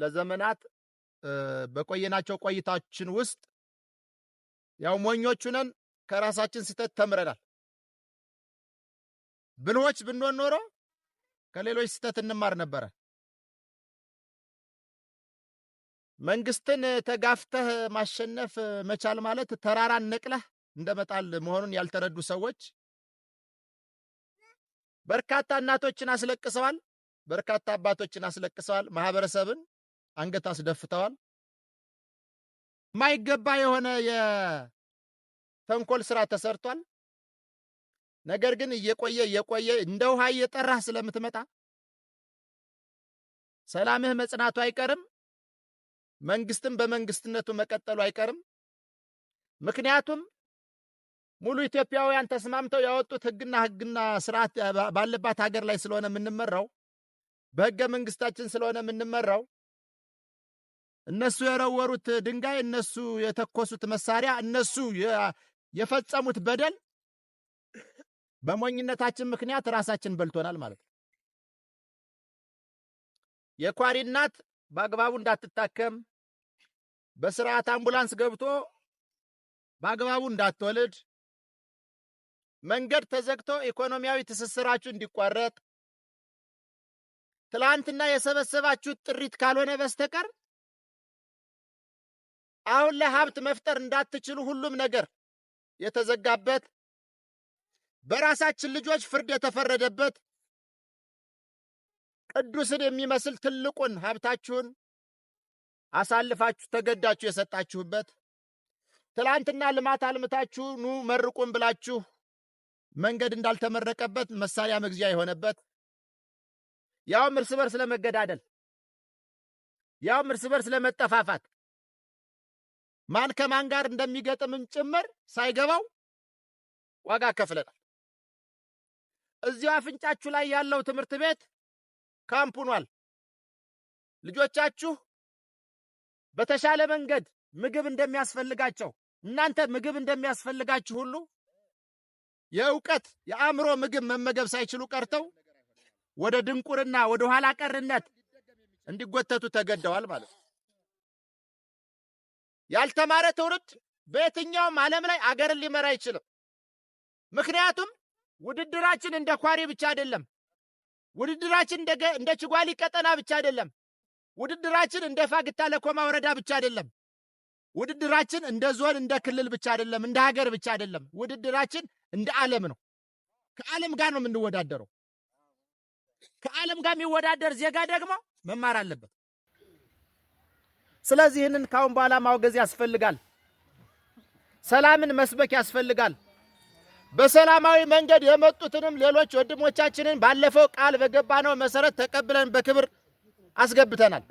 ለዘመናት በቆየናቸው ቆይታችን ውስጥ ያው ሞኞቹ ነን፣ ከራሳችን ስህተት ተምረናል። ብልሆች ብንሆን ኖሮ ከሌሎች ስህተት እንማር ነበረ። መንግስትን ተጋፍተህ ማሸነፍ መቻል ማለት ተራራን ነቅለህ እንደመጣል መሆኑን ያልተረዱ ሰዎች በርካታ እናቶችን አስለቅሰዋል። በርካታ አባቶችን አስለቅሰዋል። ማህበረሰብን አንገት አስደፍተዋል። ማይገባ የሆነ የተንኮል ስራ ተሰርቷል። ነገር ግን እየቆየ እየቆየ እንደ ውሃ እየጠራህ ስለምትመጣ ሰላምህ መጽናቱ አይቀርም። መንግስትም በመንግስትነቱ መቀጠሉ አይቀርም። ምክንያቱም ሙሉ ኢትዮጵያውያን ተስማምተው ያወጡት ህግና ህግና ስርዓት ባለባት ሀገር ላይ ስለሆነ የምንመራው፣ በህገ መንግስታችን ስለሆነ የምንመራው እነሱ የረወሩት ድንጋይ፣ እነሱ የተኮሱት መሳሪያ፣ እነሱ የፈጸሙት በደል በሞኝነታችን ምክንያት ራሳችን በልቶናል ማለት ነው። የኳሪ እናት በአግባቡ እንዳትታከም በስርዓት አምቡላንስ ገብቶ በአግባቡ እንዳትወልድ መንገድ ተዘግቶ ኢኮኖሚያዊ ትስስራችሁ እንዲቋረጥ ትላንትና የሰበሰባችሁት ጥሪት ካልሆነ በስተቀር አሁን ለሀብት መፍጠር እንዳትችሉ ሁሉም ነገር የተዘጋበት በራሳችን ልጆች ፍርድ የተፈረደበት ቅዱስን የሚመስል ትልቁን ሀብታችሁን አሳልፋችሁ ተገዳችሁ የሰጣችሁበት ትላንትና ልማት አልምታችሁ ኑ መርቁን ብላችሁ መንገድ እንዳልተመረቀበት መሳሪያ መግዚያ የሆነበት ያውም እርስ በርስ ለመገዳደል ያውም እርስ በርስ ለመጠፋፋት ማን ከማን ጋር እንደሚገጥምም ጭምር ሳይገባው ዋጋ ከፍለናል። እዚሁ አፍንጫችሁ ላይ ያለው ትምህርት ቤት ካምፕ ሆኗል። ልጆቻችሁ በተሻለ መንገድ ምግብ እንደሚያስፈልጋቸው እናንተ ምግብ እንደሚያስፈልጋችሁ ሁሉ የእውቀት የአእምሮ ምግብ መመገብ ሳይችሉ ቀርተው ወደ ድንቁርና ወደ ኋላ ቀርነት እንዲጎተቱ ተገደዋል ማለት ነው። ያልተማረ ትውልድ በየትኛውም ዓለም ላይ አገርን ሊመራ አይችልም። ምክንያቱም ውድድራችን እንደ ኳሪ ብቻ አይደለም። ውድድራችን እንደ ችጓሊ ቀጠና ብቻ አይደለም። ውድድራችን እንደ ፋግታ ለኮማ ወረዳ ብቻ አይደለም። ውድድራችን እንደ ዞን፣ እንደ ክልል ብቻ አይደለም፣ እንደ ሀገር ብቻ አይደለም። ውድድራችን እንደ ዓለም ነው። ከዓለም ጋር ነው የምንወዳደረው። ከዓለም ጋር የሚወዳደር ዜጋ ደግሞ መማር አለበት። ስለዚህ ይህንን ካሁን በኋላ ማውገዝ ያስፈልጋል። ሰላምን መስበክ ያስፈልጋል። በሰላማዊ መንገድ የመጡትንም ሌሎች ወንድሞቻችንን ባለፈው ቃል በገባነው መሰረት ተቀብለን በክብር አስገብተናል።